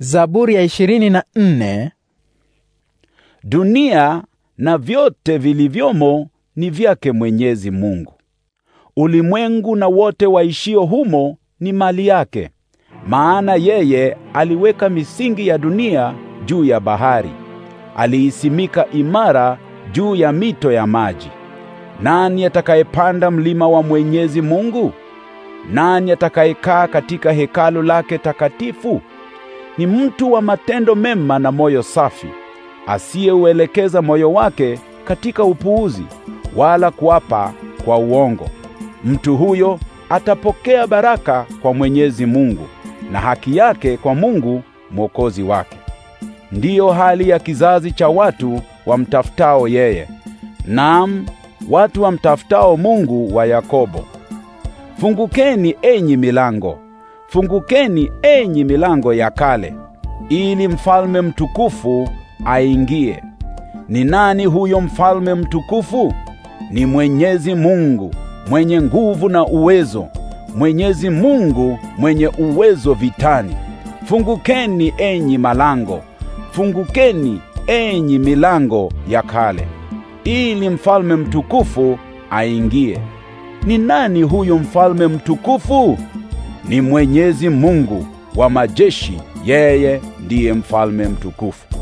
Zaburi ya ishirini na nne. Dunia na vyote vilivyomo ni vyake Mwenyezi Mungu. Ulimwengu na wote waishio humo ni mali yake. Maana yeye aliweka misingi ya dunia juu ya bahari. Aliisimika imara juu ya mito ya maji. Nani atakayepanda mlima wa Mwenyezi Mungu? Nani atakayekaa katika hekalu lake takatifu? ni mtu wa matendo mema na moyo safi, asiyeuelekeza moyo wake katika upuuzi, wala kuapa kwa uongo. Mtu huyo atapokea baraka kwa Mwenyezi Mungu na haki yake kwa Mungu Mwokozi wake. Ndiyo hali ya kizazi cha watu wamtafutao yeye, naam, watu wamtafutao Mungu wa Yakobo. Fungukeni enyi milango, Fungukeni enyi milango ya kale, ili mfalme mtukufu aingie. Ni nani huyo mfalme mtukufu? Ni Mwenyezi Mungu mwenye nguvu na uwezo, Mwenyezi Mungu mwenye uwezo vitani. Fungukeni enyi malango, fungukeni enyi milango ya kale, ili mfalme mtukufu aingie. Ni nani huyo mfalme mtukufu? ni Mwenyezi Mungu wa majeshi, yeye ndiye mfalme mtukufu.